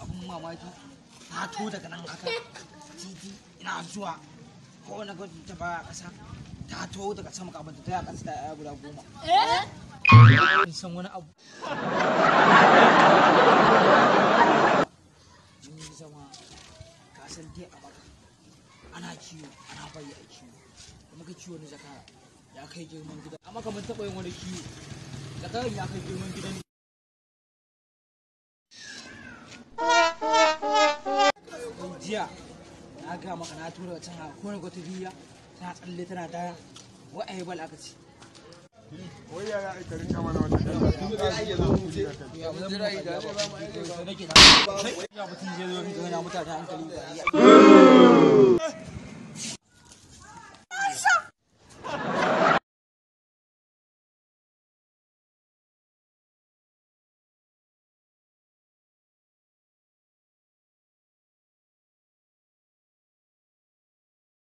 abin mamaki to daga nan haka titi ina zuwa ko na gwajin ta baya kasa to daga sama kafin ta taya kasa ta yaya guda goma eh san wani abu zama kasar dai a baka ana kiwo ana bayi a kiwo kuma ka kiwo na zakara ya kai girman gida amma kamar taɓa yin wani kiwo zakara ya kai girman gida ne jiya na ga maka na tura wacce ha ko gwata biya ta tsalle tana daya wa ai bal aka ci wai yaya ai kama na wata dala tun da ai ya ai na zo mutane hankali da